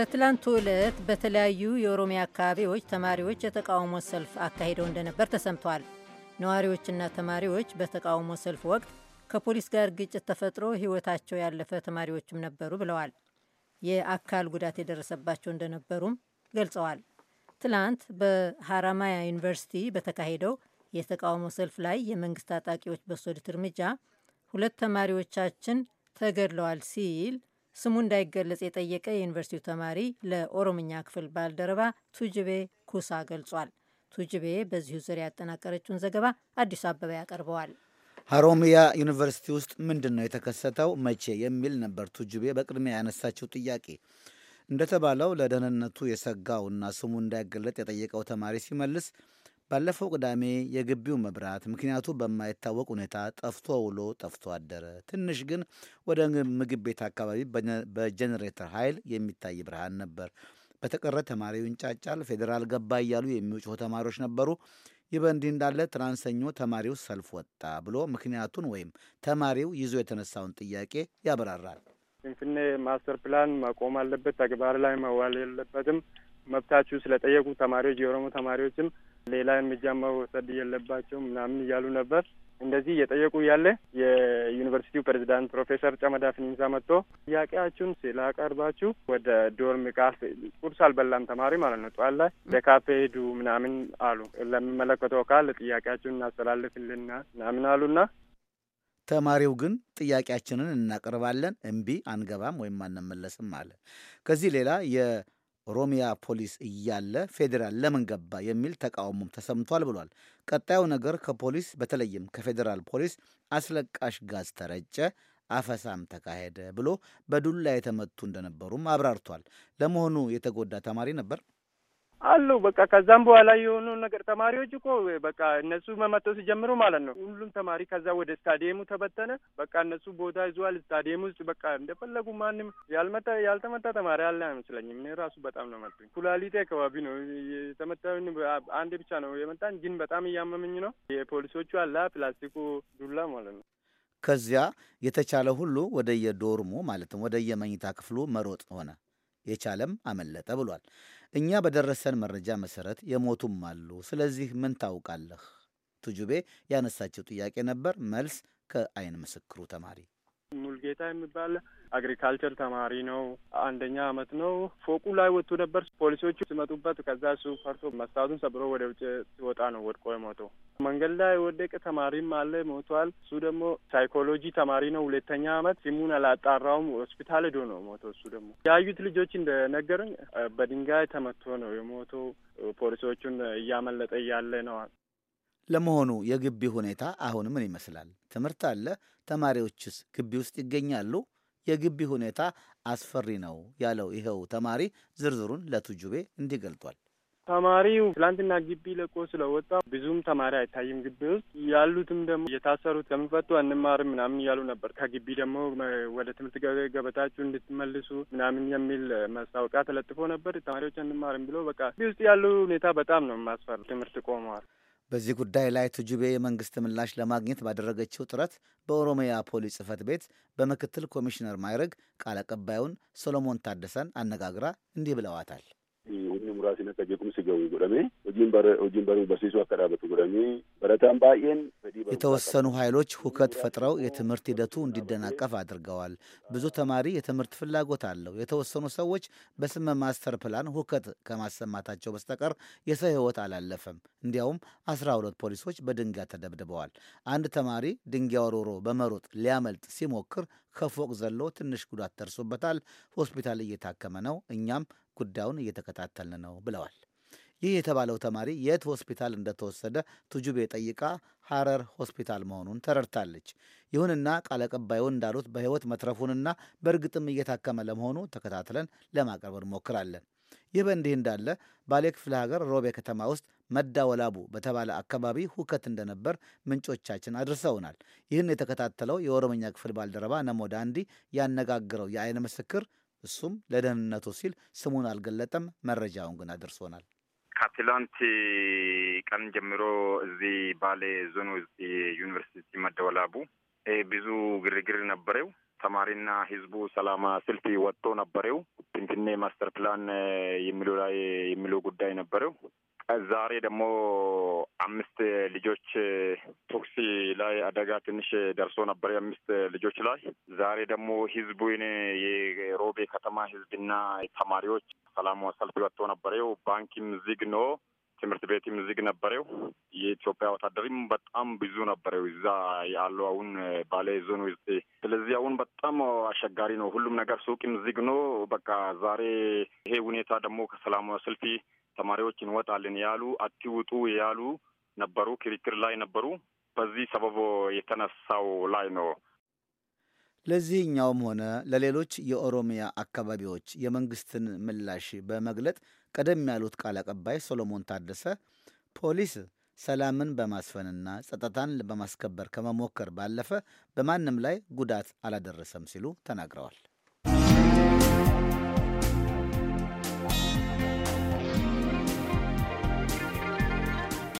በትላንቱ ዕለት በተለያዩ የኦሮሚያ አካባቢዎች ተማሪዎች የተቃውሞ ሰልፍ አካሂደው እንደነበር ተሰምተዋል። ነዋሪዎችና ተማሪዎች በተቃውሞ ሰልፍ ወቅት ከፖሊስ ጋር ግጭት ተፈጥሮ ሕይወታቸው ያለፈ ተማሪዎችም ነበሩ ብለዋል። የአካል ጉዳት የደረሰባቸው እንደነበሩም ገልጸዋል። ትላንት በሀራማያ ዩኒቨርሲቲ በተካሄደው የተቃውሞ ሰልፍ ላይ የመንግስት ታጣቂዎች በወሰዱት እርምጃ ሁለት ተማሪዎቻችን ተገድለዋል ሲል ስሙ እንዳይገለጽ የጠየቀ የዩኒቨርሲቲው ተማሪ ለኦሮምኛ ክፍል ባልደረባ ቱጅቤ ኩሳ ገልጿል። ቱጅቤ በዚሁ ዙሪያ ያጠናቀረችውን ዘገባ አዲስ አበባ ያቀርበዋል። ሀሮሚያ ዩኒቨርሲቲ ውስጥ ምንድን ነው የተከሰተው? መቼ የሚል ነበር ቱጅቤ በቅድሚያ ያነሳችው ጥያቄ። እንደተባለው ለደህንነቱ የሰጋውና ስሙ እንዳይገለጥ የጠየቀው ተማሪ ሲመልስ ባለፈው ቅዳሜ የግቢው መብራት ምክንያቱ በማይታወቅ ሁኔታ ጠፍቶ ውሎ ጠፍቶ አደረ። ትንሽ ግን ወደ ምግብ ቤት አካባቢ በጀኔሬተር ኃይል የሚታይ ብርሃን ነበር። በተቀረ ተማሪው ይንጫጫል፣ ፌዴራል ገባ እያሉ የሚውጭሁ ተማሪዎች ነበሩ። ይህ በእንዲህ እንዳለ ትናንት ሰኞ ተማሪው ሰልፍ ወጣ ብሎ ምክንያቱን ወይም ተማሪው ይዞ የተነሳውን ጥያቄ ያብራራል። ስንፍኔ ማስተር ፕላን መቆም አለበት፣ ተግባር ላይ መዋል የለበትም። መብታችሁ ስለጠየቁ ተማሪዎች የኦሮሞ ተማሪዎችም ሌላ እርምጃ መውሰድ የለባቸው ምናምን እያሉ ነበር። እንደዚህ እየጠየቁ ያለ የዩኒቨርሲቲው ፕሬዚዳንት ፕሮፌሰር ጨመዳ ፍኒንሳ መጥቶ ጥያቄያችሁን ስላቀርባችሁ ወደ ዶርም ቃፍ ቁርስ አልበላም ተማሪ ማለት ነው። ጠዋት ላይ ለካፌ ሄዱ ምናምን አሉ። ለሚመለከተው ካል ጥያቄያችሁን እናስተላልፍልና ምናምን አሉና ተማሪው ግን ጥያቄያችንን እናቀርባለን፣ እምቢ አንገባም ወይም አንመለስም አለ። ከዚህ ሌላ ሮሚያ ፖሊስ እያለ ፌዴራል ለምን ገባ የሚል ተቃውሞም ተሰምቷል ብሏል። ቀጣዩ ነገር ከፖሊስ በተለይም ከፌዴራል ፖሊስ አስለቃሽ ጋዝ ተረጨ፣ አፈሳም ተካሄደ ብሎ በዱላ የተመቱ እንደነበሩም አብራርቷል። ለመሆኑ የተጎዳ ተማሪ ነበር? አሉ በቃ ከዛም በኋላ የሆኑ ነገር ተማሪዎች እኮ በቃ እነሱ መመጠው ሲጀምሩ ማለት ነው ሁሉም ተማሪ ከዛ ወደ ስታዲየሙ ተበተነ። በቃ እነሱ ቦታ ይዘዋል ስታዲየም ውስጥ በቃ እንደፈለጉ ማንም ያልመጣ ያልተመታ ተማሪ አለ አይመስለኝም። እኔ ራሱ በጣም ነው መጡኝ። ኩላሊቴ አካባቢ ነው የተመታኝ። አንድ ብቻ ነው የመጣን፣ ግን በጣም እያመመኝ ነው። የፖሊሶቹ አለ ፕላስቲኩ ዱላ ማለት ነው። ከዚያ የተቻለ ሁሉ ወደየዶርሙ ማለትም ወደየመኝታ ክፍሉ መሮጥ ሆነ። የቻለም አመለጠ ብሏል። እኛ በደረሰን መረጃ መሰረት የሞቱም አሉ። ስለዚህ ምን ታውቃለህ? ቱጁቤ ያነሳችው ጥያቄ ነበር። መልስ ከአይን ምስክሩ ተማሪ ሙልጌታ የሚባል አግሪካልቸር ተማሪ ነው። አንደኛ አመት ነው። ፎቁ ላይ ወጥቶ ነበር። ፖሊሶቹ ሲመጡበት ከዛ እሱ ፈርቶ መስታቱን ሰብሮ ወደ ውጭ ሲወጣ ነው ወድቆ የሞተው። መንገድ ላይ ወደቀ። ተማሪም አለ ሞቷል። እሱ ደግሞ ሳይኮሎጂ ተማሪ ነው፣ ሁለተኛ አመት። ሲሙን አላጣራውም። ሆስፒታል ሄዶ ነው ሞቶ። እሱ ደግሞ ያዩት ልጆች እንደነገሩኝ በድንጋይ ተመቶ ነው የሞቶ። ፖሊሶቹን እያመለጠ እያለ ነው ለመሆኑ የግቢ ሁኔታ አሁን ምን ይመስላል? ትምህርት አለ? ተማሪዎችስ ግቢ ውስጥ ይገኛሉ? የግቢ ሁኔታ አስፈሪ ነው ያለው ይኸው ተማሪ ዝርዝሩን ለቱጁቤ እንዲህ ገልጧል። ተማሪው ትላንትና ግቢ ለቆ ስለወጣ ብዙም ተማሪ አይታይም ግቢ ውስጥ ያሉትም ደግሞ የታሰሩት ከምፈቱ አንማርም ምናምን እያሉ ነበር። ከግቢ ደግሞ ወደ ትምህርት ገበታችሁ እንድትመልሱ ምናምን የሚል ማስታወቂያ ተለጥፎ ነበር። ተማሪዎች አንማርም ብሎ በቃ ግቢ ውስጥ ያሉ ሁኔታ በጣም ነው የማስፈራ። ትምህርት ቆመዋል። በዚህ ጉዳይ ላይ ትጁቤ የመንግስት ምላሽ ለማግኘት ባደረገችው ጥረት በኦሮሚያ ፖሊስ ጽህፈት ቤት በምክትል ኮሚሽነር ማይረግ ቃል አቀባዩን ሶሎሞን ታደሰን አነጋግራ እንዲህ ብለዋታል። ሁኒ ሙራሲን አካ ጀቁምሲ ገቡ ጎደሜ ሆጂን በሩ በሲሱ አከዳበቱ ጎደሜ በረታን ባየን የተወሰኑ ኃይሎች ሁከት ፈጥረው የትምህርት ሂደቱ እንዲደናቀፍ አድርገዋል። ብዙ ተማሪ የትምህርት ፍላጎት አለው። የተወሰኑ ሰዎች በስመ ማስተር ፕላን ሁከት ከማሰማታቸው በስተቀር የሰው ሕይወት አላለፈም። እንዲያውም 12 ፖሊሶች በድንጋይ ተደብድበዋል። አንድ ተማሪ ድንጋይ ወርውሮ በመሮጥ ሊያመልጥ ሲሞክር ከፎቅ ዘሎ ትንሽ ጉዳት ደርሶበታል። ሆስፒታል እየታከመ ነው። እኛም ጉዳዩን እየተከታተልን ነው ብለዋል። ይህ የተባለው ተማሪ የት ሆስፒታል እንደተወሰደ ቱጁቤ ጠይቃ ሐረር ሆስፒታል መሆኑን ተረድታለች። ይሁንና ቃል አቀባዩ እንዳሉት በሕይወት መትረፉንና በእርግጥም እየታከመ ለመሆኑ ተከታትለን ለማቅረብ እንሞክራለን። ይህ በእንዲህ እንዳለ ባሌ ክፍለ ሀገር ሮቤ ከተማ ውስጥ መዳወላቡ በተባለ አካባቢ ሁከት እንደነበር ምንጮቻችን አድርሰውናል። ይህን የተከታተለው የኦሮምኛ ክፍል ባልደረባ ነሞዳ እንዲ ያነጋግረው የአይን ምስክር እሱም ለደህንነቱ ሲል ስሙን አልገለጠም። መረጃውን ግን አድርሶናል። ከትላንት ቀን ጀምሮ እዚህ ባሌ ዞን ውስጥ ዩኒቨርሲቲ መደወላቡ ብዙ ግርግር ነበረው። ተማሪና ህዝቡ ሰላማ ሰልፍ ወጥቶ ነበረው። ፊንፊኔ ማስተር ፕላን የሚሉ ላይ የሚሉ ጉዳይ ነበረው። ዛሬ ደግሞ አምስት ልጆች ቶክሲ ላይ አደጋ ትንሽ ደርሶ ነበር፣ የአምስት ልጆች ላይ። ዛሬ ደግሞ ህዝቡን የሮቤ ከተማ ህዝብና ተማሪዎች ሰላሙ ሰልፍ ወጥቶ ነበረው። ባንክም ዝግ ነው፣ ትምህርት ቤትም ዝግ ነበረው። የኢትዮጵያ ወታደሪም በጣም ብዙ ነበረው እዛ ያለው አሁን ባሌ ዞን ውስጥ። ስለዚህ አሁን በጣም አስቸጋሪ ነው ሁሉም ነገር፣ ሱቅም ዝግ ነው። በቃ ዛሬ ይሄ ሁኔታ ደግሞ ከሰላሙ ሰልፍ ተማሪዎች እንወጣልን ያሉ አትውጡ ያሉ ነበሩ፣ ክርክር ላይ ነበሩ። በዚህ ሰበብ የተነሳው ላይ ነው። ለዚህኛውም ሆነ ለሌሎች የኦሮሚያ አካባቢዎች የመንግስትን ምላሽ በመግለጥ ቀደም ያሉት ቃል አቀባይ ሶሎሞን ታደሰ ፖሊስ ሰላምን በማስፈንና ጸጥታን በማስከበር ከመሞከር ባለፈ በማንም ላይ ጉዳት አላደረሰም ሲሉ ተናግረዋል።